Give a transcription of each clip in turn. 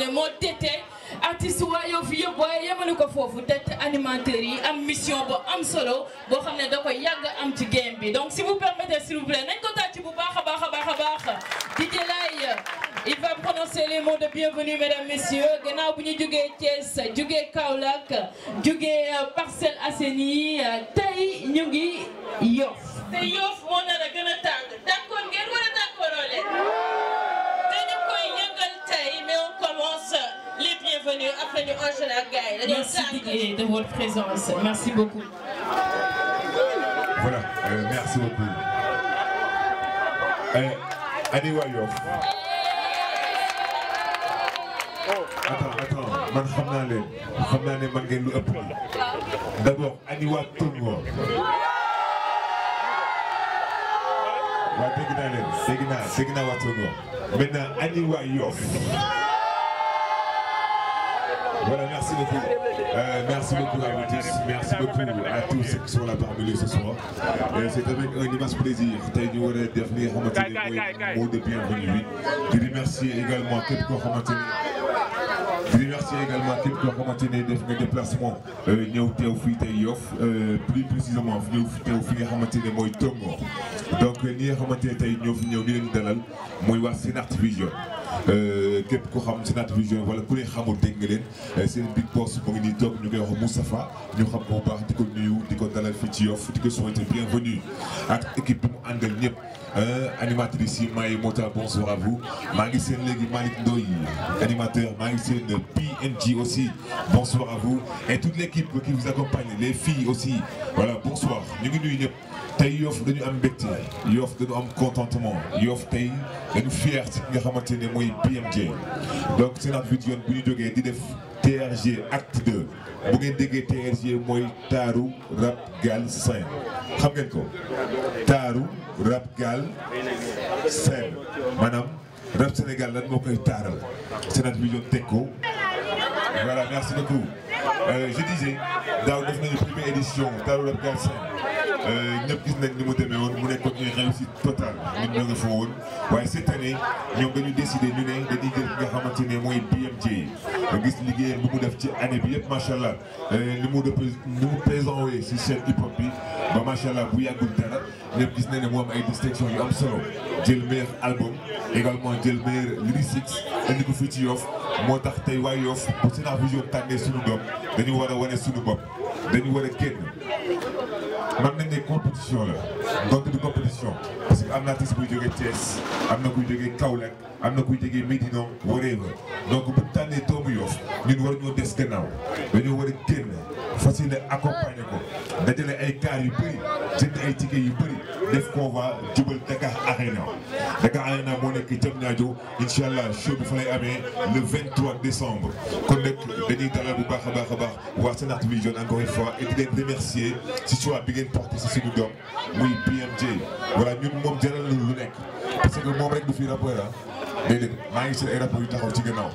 ne moo tete artiste waa Yoff yëpp waaye yemale ko foofu te animateurs yi am mission boo am solo boo xam ne da ko yàgg am ci game bi donc si vous permettez s'il nañ ko tàcc bu baax a baax a baax a baax DJ Laye il va prononcer les mots de bienvenue mesdames messieurs gannaaw bu ñu jógee Thiès jógee Kaolack jógee euh, Parcelles Assainies euh, tey ñu ngi Yoff te Yoff moo nar a gën d'être venu. Après, nous enchaînons avec Gaël. Merci de votre présence. Merci beaucoup. Voilà, euh, merci beaucoup. Allez, eh, allez, Wayoff. Attends, attends, man xam naa leen xam naa ne man ngeen lu ëpp nii d'abord ani waa tournoi waa dégg naa leen dégg naa dégg naa waa tournoi maintenant ani waa Yoff Voilà, merci beaucoup. Euh, merci beaucoup à vous tous. Merci beaucoup à tous ceux qui sont là parmi nous ce soir. Euh, c'est avec un immense plaisir. tey ñu war a def li nga mooy mot de bienvenue bi. di remercier également képp koo xamante di remercier également képp koo xamante def nga déplacement. Euh, ñëw teew fii tey Yoff euh, plus précisément ñëw teew fi nga xamante ne mooy Tongo. donc ñi nga xamante tey ñoo fi ñëw di leen dalal muy waa Sénart Vision. Euh, képp ku xam Sénat Vision wala ku ne xamul dégg nga leen euh, seen big boss mu ngi nii toog xam ko di ko nuyu di ko dalal fii ci Yoff di ko souhaiter bienvenue ak équipe bi mu àndal ñëpp euh, animatrice yi Maye Mota bonsoir à vous maa ngi seen léegi Malick Ndoye animateur maa ngi seen PNG aussi bonsoir à vous et toute l' équipe qui vous accompagne les filles aussi voilà bonsoir ñu ngi nuyu ñëpp. tey yoof dañu am mbégte yoof dañu am contentement yoof tey dañu fier ci nga xamante ne mooy BMJ donc seenaat vidéo bu ñu jógee di def TRG acte 2 bu ngeen déggee TRG mooy taaru rap galsen xam ngeen ko taaru rap galsen maanaam rap Sénégal lan moo koy taaral seenaat vidéo teg ko voilà merci beaucoup euh, je disais daaw def nañu première édition taaru rap galsen Euh, ñëpp gis nañ ni mu demee woon mu nekkoon une réussite totale ñun ñoo nga fa woon waaye cette année ñoom dañu décidé ñu ne dañuy jël nga xamante ne mooy BMJ gis liggéeyam bu mu def ci année bi yëpp macha allah li euh, mu def li mu présent wee hip hop bi ba macha bu yàggul dara ñëpp gis nañ ne mu am ay distinction yu am solo jël meilleur album également jël meilleur lyrics indi ko fii ci Yoff moo tax tey waa Yoff bu Sénar Vision tànnee suñu doom dañu war a wane suñu bopp dañu war a man nañ ne compétition la donc di compétition parce que am na artiste buy jógee Thiès am na kuy jógee Kaolack am na kuy jógee Médina whatever donc bu tànnee doomu Yoff ñun war ñoo des gannaaw dañoo war a génn fas yéene accompagner ko dajale ay kaar yu bëri jënd ay ticket yu bëri def convoi jubal Dakar Arena Dakar Arena moo nekk jëm ñaajo incha allah show bi fa lay amee le 23 décembre kon nag dañuy dalal bu baax a baax a baax waa encore une fois et di remercier si choix bi ngeen porté si suñu doom muy BMJ voilà ñun moom jaral parce que moom du fi rappeur ah. déedéet maa ngi ci ay rapport yu taxaw ci gannaaw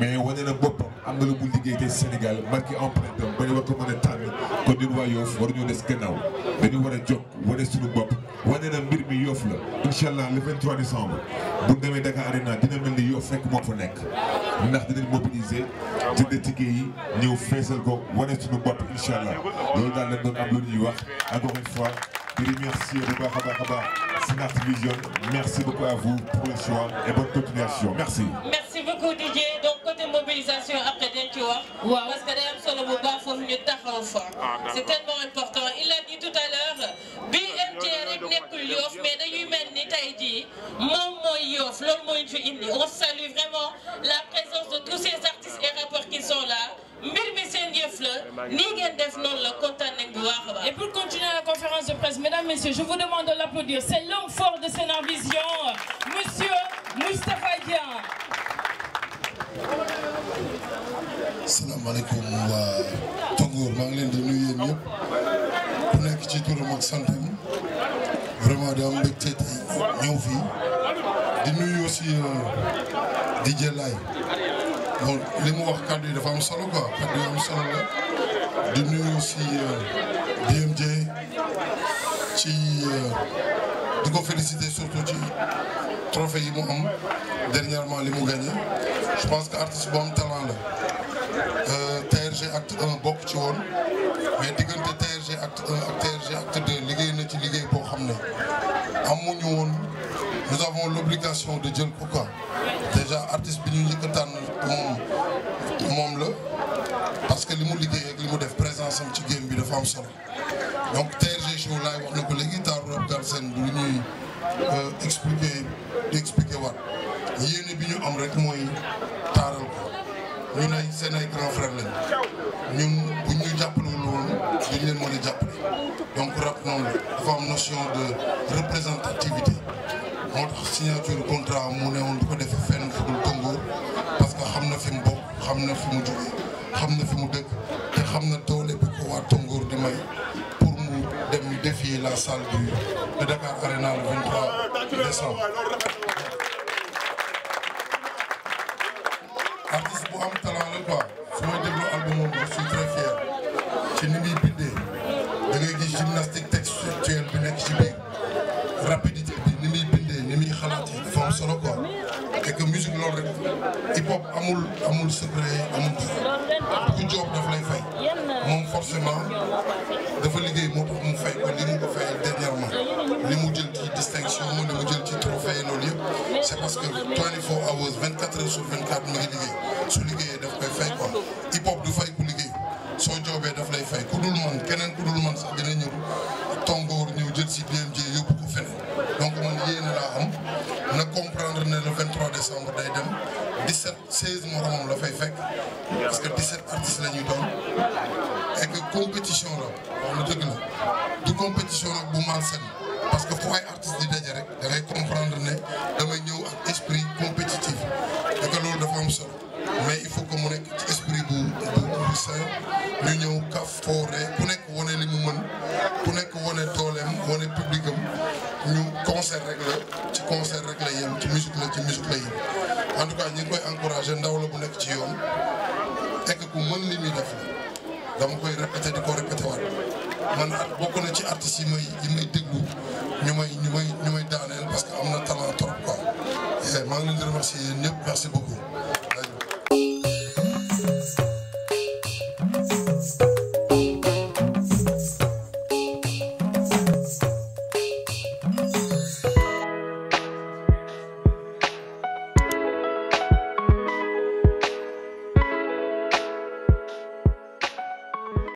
mais wane na boppam am na lu mu liggéey tey Sénégal marqué empreinte am ba ñu war ko mën a tànn kon ñun waa Yoff waruñoo des gannaaw dañu war a jóg wane suñu bopp wane na mbir mi Yoff la incha allah le 23 décembre bu demee Dakar Arena dina mel ni Yoff fekk moo fa nekk ndax dinañ mobiliser jënd ticket yi ñëw feesal ko wane suñu bopp incha allah loolu daal lañ doon am lu ñuy wax encore une fois di remercier bu baax a baax a baax Sénar Vision merci beaucoup à vous pour le choix et bonne continuation merci. merci beaucoup Didier donc côté mobilisation après dañ ci wax. waaw parce que day am solo bu baax foofu ñu taxaw fa. Ah, c'est tellement important il l'a dit tout à l'heure bi MTR rek nekkul Yoff mais dañuy mel ni tey jii moom mooy Yoff loolu mooy ñu fi indi on salue vraiment la présence de tous ces artistes et rappeurs qui sont là. def la nii ngeen def noonu la kontaan nañ bu baax a baax. et pour continuer la conférence de presse mesdames messieurs je vous demande de l'applaudir c'est l'homme fort de Sénar Vision monsieur Moustapha Dieng. asalaamaaleykum waa Tongoor maa ngi leen di nuyu yéen ñëpp ku nekk ci turam ak santam vraiment di am mbégte ñëw fii di nuyu aussi euh, DJ Laye. donc li mu wax kàddu yi dafa am solo quoi kàddu yi am solo la di nuyu aussi euh, DMJ ci euh, di ko féliciter surtout ci trophée yi mu am dernièrement li mu gagné je pense que artiste bu am talent la euh, TRG acte 1 bokk ci woon mais diggante TRG acte 1 ak TRG acte 2 liggéey na ci liggéey boo xam ne amuñu woon. avons l'obligation de jël Kouka déjà artiste bi ñu njëkk tànn moom la parce que li mu liggéey ak li mu def présence ci game bi dafa donc TRG Show laay wax na ko léegi Taaru Rap Galsen euh, du bi ñu am rek mooy taaral ñu ne seen ay ñu jàppale woon duñ leen mën a jàppale donc moo tax signature contrat mu ne woon du def fenn fu Tongoor parce que xam na fi mu xam na fi mu jógee xam na fi mu dëkk te xam na doole bi ko waa Tongoor di may pour mu dem défier la salle du de Dakar Arena le 23 décembre. artiste bu am la quoi. xalaat yi dafa am solo quoi et que musique loolu rek hip hop amul amul secret amul dara ku job daf lay fay moom forcément dafa liggéey moo tax mu fay ko li mu ko fay dernièrement li mu jël ci distinction li mu jël ci trophée loolu yëpp c'est parce que 24 hours 24 heures sur 24 mi ngi liggéey su liggéeyee daf koy fay quoi hip hop du fay ku liggéey. foofu day dem 17 16 moromam la fay fekk. parce que 17 artistes la ñuy doon et compétition la wax na la du compétition nag bu malsaine parce que foo ay artistes di daje rek da comprendre ne damay ñëw ak esprit compétitif et que loolu dafa am solo. mais il faut que mu nekk ci esprit bu bu bu sain ñu ñëw kaf foore ku nekk wane li mu mën ku nekk wane dooleem wane publicam ñu concert rek la ci concert rek la yem ci musique la ci musique la yem en tout cas ñu ngi koy encouragé ndaw la bu nekk ci yoon ek ku mën li muy def la dama koy répété di ko répété man man bokk na ci artistes yi may yi may déglu ñu may ñu may ñu may daaneel parce que am na talent trop quoi eh, maa ngi leen di remercier yéen ñëpp merci beaucoup